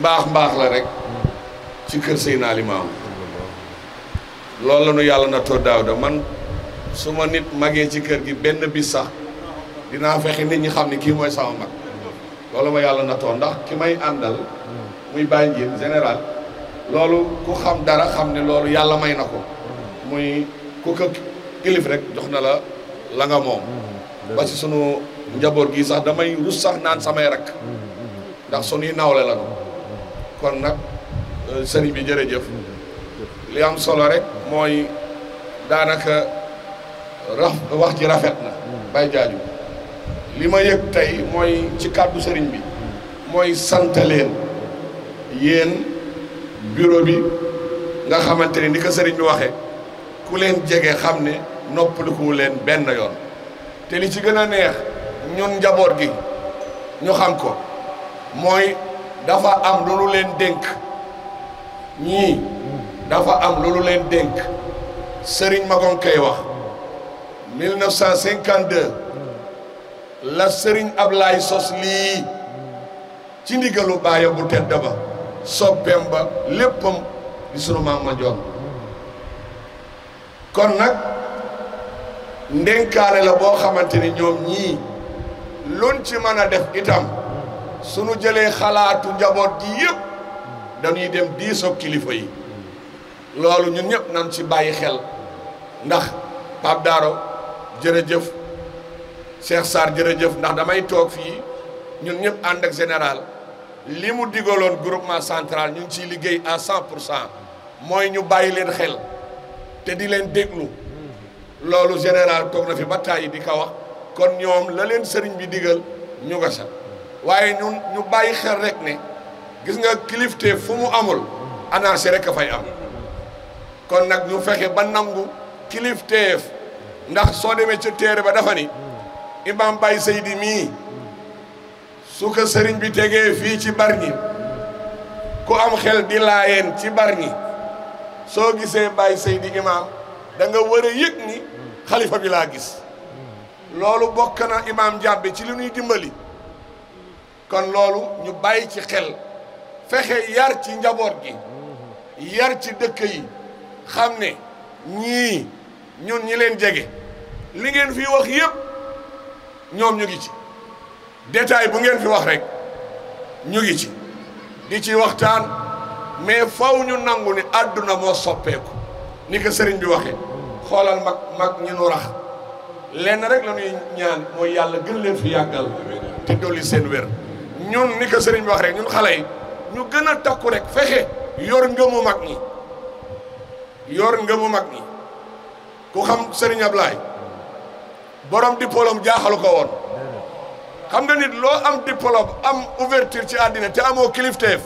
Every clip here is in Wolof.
mbaax mbaax la rek ci kër Seydina Limaamu loolu la nu yàlla nattoo Daawda man su ma nit magee ci kër gi benn bis sax dinaa fexe nit ñi xam ne kii mooy sama mag loolu ma yàlla nattoo ndax ki may àndal muy bàyyi njiit général loolu ku xam dara xam ne loolu yàlla may na ko muy ku ko kilif rek jox na la la nga moom ba ci sunu njaboot gi sax damay rus sax naan samay rakk ndax sunuy nawle la no kon nag euh, sëriñ bi jërëjëf li am solo rek mooy daanaka wax ji rafet na bay jaaju li ma yëg tey mooy ci kàddu sëriñ bi mooy sant leen yéen bureau bi nga xamante ni ni ko sëriñ bi waxee ku leen jege xam ne noppaliku leen benn yoon te li ci gën a neex ñun njaboot gi ñu xam ko mooy dafa am lu lu leen dénk ñii dafa am lu lu leen dénk Serigne Magon kay wax 1952 la Serigne Ablaye sos lii ci ndigalu baaya bu tedd ba soppeem ba léppam di sunu maam ma joon kon nag ndénkaale la boo xamante ni ñoom ñii luñ ci mën a def itam Sunu jele xalaatu njaboot gi dan dañuy dem diisoo kilifa yi loolu ñun ñëpp nañ ci bàyyi xel ndax Pape Daaro jërëjëf Cheikh Sarr jërëjëf ndax damay toog fii ñun ñëpp ànd ak général li mu digaloon groupement central ñun ci ciy liggéey à cent pour cent ñu bàyyi leen xel te di leen déglu loolu général toog na fi ba di ka wax kon ñoom la leen sëriñ bi digal ñu waaye ñun ñu bàyyi xel rek ne gis nga kilifte fu mu amul anarchie rek a fay am kon nag ñu fexe ba nangu kilifteef ndax soo demee ca téere ba dafa ni imam Baye Seydi mii su ko sëriñ bi tegee fii ci Bargny ku am xel di laayeen ci Bargny soo gisee Baye Seydi imam danga wër war a yëg ni xalifa bi laa gis loolu bokk na imam jàbbe ci li ñuy dimbali kon loolu ñu bàyyi ci xel fexe yar ci njaboot gi yar ci dëkk yi xam ne ñii ñun ñi leen jege li ngeen fi wax yépp ñoom ñu ngi ci détail bu ngeen fi wax rek ñu ngi ci di ci waxtaan mais faw ñu nangu ni àdduna moo soppeeku ni ko sëriñ bi waxee xoolal mag mag ñu nu rax lenn rek la ñuy ñaan mooy yàlla gën leen fi yàggal te dolli seen wér ñun ni ko sëriñ wax rek ñun xale ñu gën a takku rek fexe yor ngëmu mag ñi yor ngëmu mag ñi ku xam sëriñ Ablaay borom diplôme jaaxalu ko woon xam nga nit loo am diplôme am ouverture ci àddina te amoo kilifteef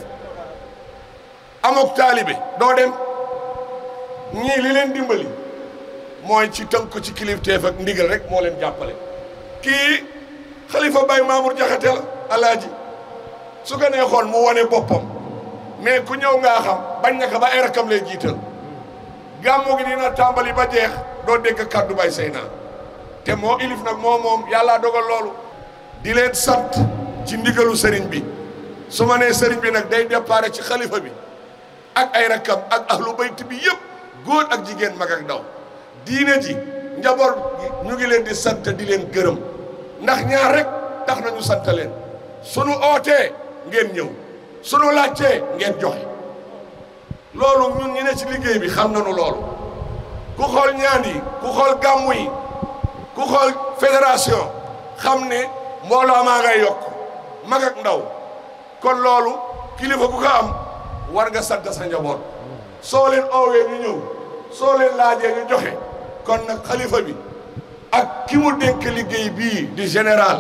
amook taalibe doo dem ñii li leen dimbali mooy ci tënk ci kilifteef ak ndigal rek moo leen jàppale kii xalifa Baye Mamour Jaxate alaaji su ko xool mu wone boppam mais ku ñëw ngaa xam bañ naka ba ay rakam lay jiital gàmmu gi dina tàmbali ba jeex doo dégg kàddu bay sey naa te moo ilif nag moomoom moom yàllaa dogal loolu di leen sant ci ndigalu sëriñ bi su ma nee sëriñ bi nag day déparé ci xalifa bi ak ay rakkam ak ahlu bayt bi yëpp góor ak jigéen mag ak ndaw diine ji njaboot ñu ngi leen di sant di leen gërëm ndax ñaar rek tax nañu sant leen sunu ootee ngeen ñëw sunu laajtee ngeen joxe loolu ñun ñu ne ci liggéey bi xam nu loolu ku xool ñaan yi ku xool gàmmu yi ku xool fédération xam ne mbooloo maa ngay yokk mag ndaw kon loolu kilifa ku ko war nga sant sa njaboot soo leen oowee ñu ñëw soo leen laajee ñu joxe kon nag xalifa ak ki mu dénk liggéey bii di général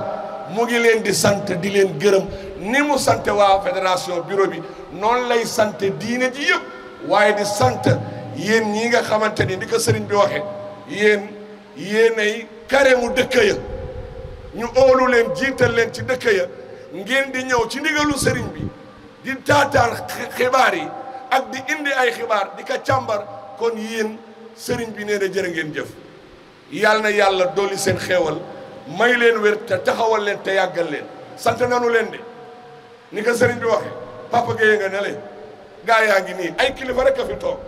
mu ngi leen di sant di leen gërëm ni mu sant waa fédération bureau bi noonu lay sant diine ji yëpp waaye di sant yéen ñi nga xamante ni ni ko sëriñ bi waxe yéen ay kare mu dëkk ya ñu óolu leen jiital leen ci dëkk ya ngeen di ñëw ci ndigalu sëriñ bi di taataan xibaar yi ak di indi ay xibaar di ko càmbar kon yéen sëriñ bi nee jër ngeen jëf yàlla na yàlla dolli seen xéewal may leen wér te taxawal leen te yàggal leen sant nanu leen de ni ko sëriñ bi waxe papa Gueye nga ne gaa yaa ngi nii ay kilifa rek a fi toog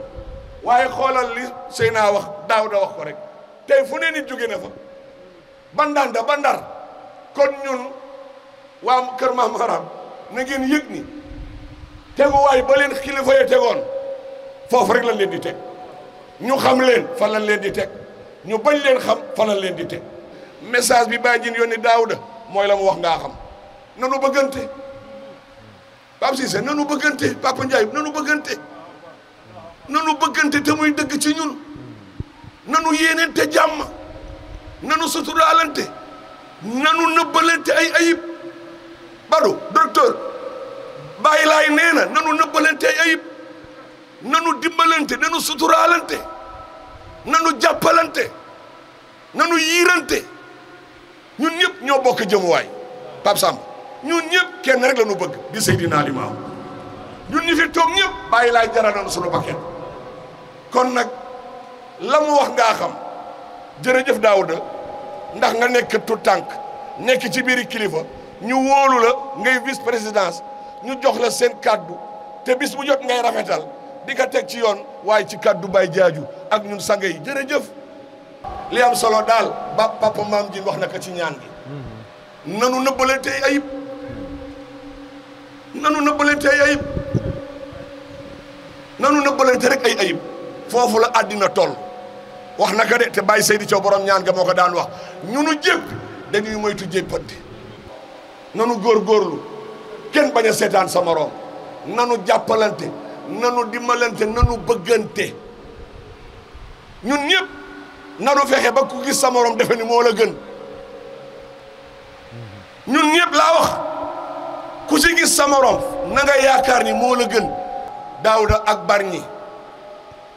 waaye xoolal li Seyna wax daaw da wax ko rek tey fu ne nit jóge na fa ba Ndanda ba Ndar kon ñun waa Kër Maam Haram na ngeen yëg ni teguwaay ba leen kilifa ya tegoon foofu rek lañ leen di teg ñu xam leen fan lañ leen di teg ñu bañ leen xam fan lañ leen di teg message bi bàyyi jin yónni Daawuda mooy la mu wax ngaa xam nanu bëggante Pape Cissé nanu bëggante Papa Ndiaye nanu bëggante nanu bëggante te muy dëgg ci ñun nanu yéenente jàmm nanu suturaalante nanu nëbbalante ay ayib Badou docteur bàyyi laay nee na nanu nëbbalante ay ayib nanu dimbalante nanu suturaalante nanu jàppalante nanu yiirante ñun ñëpp ñoo bokk jëmuwaay Pape Samb ñun ñëpp kenn rek la ñu bëgg di Seydina Limaamu ñun ñu toog ñëpp bàyyi laay jaranoon suñu bakket kon nag la wax ngaa xam jërëjëf Daawuda ndax nga nekk tout tànk nekk ci biiri kilifa ñu wóolu ngay vice présidence ñu jox la seen kàddu te bis bu jot ngay rafetal di ko teg ci yoon waaye ci kàddu bay jaaju ak ñun sang jërëjëf li am solo daal ba papa ji wax na ci ñaan gi mm-hmm. nanu nëbbale ayib nanu nëbbalante ay ayib nanu nëbbalante rek ay ayib foofu la àddina toll wax naka de te bàyyi Seydi Thiaw borom ñaan nga moo ko daan wax ñunu jépp dañuy moytu jéppante nanu góorgóorlu kenn bañ a seetaan sa moroom nanu jàppalante nanu dimbalante nanu bëggante ñun ñëpp nanu fexe ba ku gis moroom defe ni moo la gën ñun ñëpp laa wax ku ci gis sa nanga na yaakaar ni moo gën daawuda ak barñi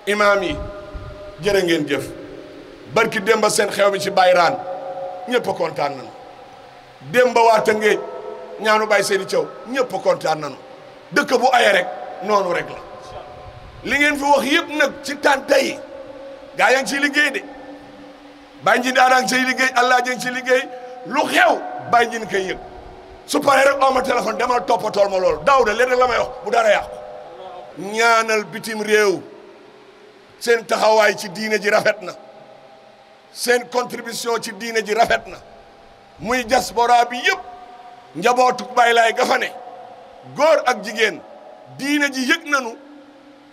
imaam yi jërë ngeen jëf barki démba seen xew mi ci bayraan ñëpp kontaan nañu démba waa Tëngéej ñaanu Baye Seydi Thiaw ñëpp kontaan nañu dëkk bu aye rek noonu rek la li ngeen fi wax yëpp nag ci tànta yi gaa yaa ngi ciy liggéey de bàyyi nji daadaa ngi ciy liggéey allah ci ngi ciy liggéey lu xew bàyyi nji kay yëg su paree rek oo ma téléphone demal toppatool ma loolu daaw de leen rek la may wax bu dara yàqu ñaanal bitim réew seen taxawaay ci diine ji rafet na seen contribution ci diine ji rafet na muy diaspora bi yëpp njabootu Baay Laay ga fa ne góor ak jigéen diine ji yëg nanu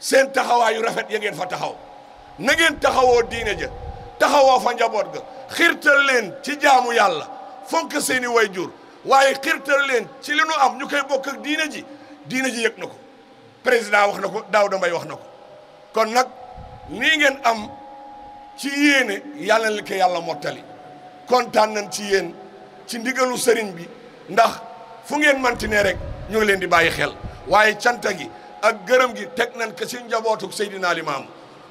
seen taxawaayu rafet ya ngeen fa taxaw na ngeen taxawoo diine ja taxawoo fa njaboot ga xirtal leen ci jaamu yàlla fonk seeni way jur waaye xirtal leen ci li nu am ñu koy bokk ak diina ji diina ji yëg na ko président wax na ko Daouda Mbaye wax na ko kon nag lii ngeen am ci yéene yàlla li ko yàlla mottali kontaan nañ ci yéen ci ndigalu sëriñ bi ndax fu ngeen manti ne rek ñu ngi leen di bàyyi xel waaye canta gi ak gërëm gi teg nañ ko ci njabootuk Seydina Limaamu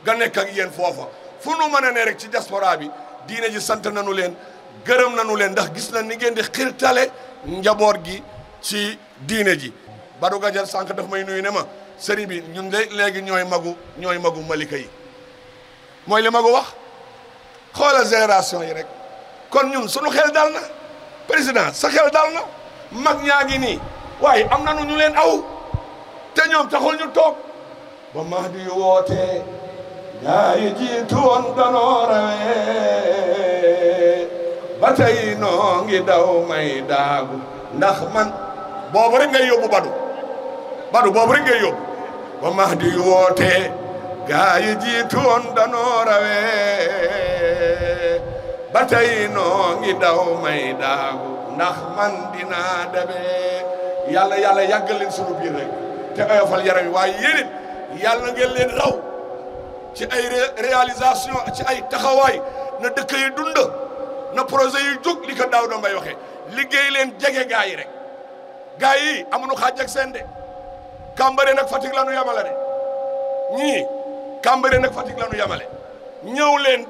ga nekk ak yéen foofa fu nu mën a ne rek ci diaspora bi diine ji sant nañu leen gërëm nañu leen ndax gis na ni ngeen di tale njaboot gi ci diine ji Badou Gadiane sànq daf may nuyu ne ma sëriñ bi ñun de léegi ñooy magu ñooy magu malika yi mooy li magu wax xoola génération yi rek kon ñun suñu xel daal na président sa xel daal na mag ñaa ngi nii waaye am nañu ñu leen aw te ñoom taxul ñu toog ba Mahdi yu wootee gaa jiitu woon danoo ba yi noo ngi daw may daagu ndax man boobu rek ngay yóbbu badu badu boobu rek ngay yóbbu ba Mahdi wootee gaa yi jiitu woon danoo rawee ba tey noo ngi daw may daagu ndax man dinaa demee yàlla yàlla yàggal leen sunu biir rek te oyofal yaram yi waaye yéen it yàlla ngeen leen ci ay réalisation ci ay taxawaay na dëkk yi na projet yi jóg li ko daaw da mbay liggéey leen jege gaa yi rek gaa yi amuñu xaaj ak seen de Cambérène ak Fatick la nu yamale de ñii Cambérène ak Fatick yamale ñëw leen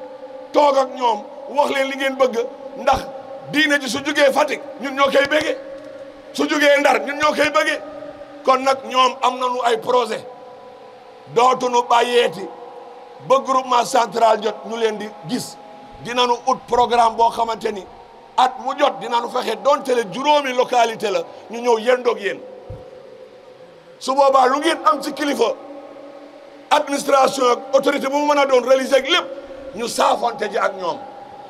toog ak ñoom wax leen li ngeen bëgg ndax diine ji su jugee Fatick ñun ñoo koy bëggee su jugee Ndar ñun ñoo koy bëggee kon nag ñoom am nañu ay projet dootuñu bàyyeeti ba groupement central jot ñu leen di gis dinañu ut programme boo xamante ni at mu jot dinañu fexe donte le juróomi localité la ñu ñëw yendoog yéen su boobaa lu ngeen am ci kilifa administration ak autorité bu mu mën a doon réaliser ak lépp ñu saafonte ji ak ñoom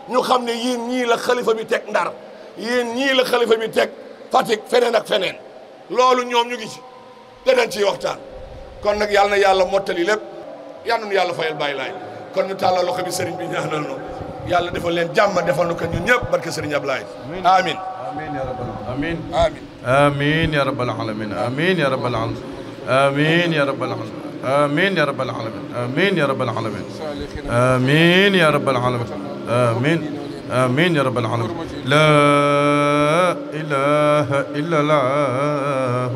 ñu xam ne yéen ñii la xalifa bi teg ndar yéen ñii la xalifa bi teg Fatick feneen ak feneen loolu ñoom ñu ngi ci te dañ ciy waxtaan kon nag yàlla na yàlla mottali lépp yal na nu yàlla fayal bàyyi laay kon ñu tàllal loxo bi sëriñ bi ñaanal no يالا ديفال لين جام ديفال نوكو نيون نيب بركه سيرن ابلاي يا رب العالمين امين امين يا رب العالمين امين يا رب العالمين امين يا رب العالمين امين يا رب العالمين امين يا رب العالمين امين يا رب العالمين امين امين يا رب العالمين لا اله الا الله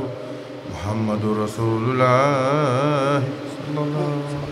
محمد رسول الله صلى الله عليه وسلم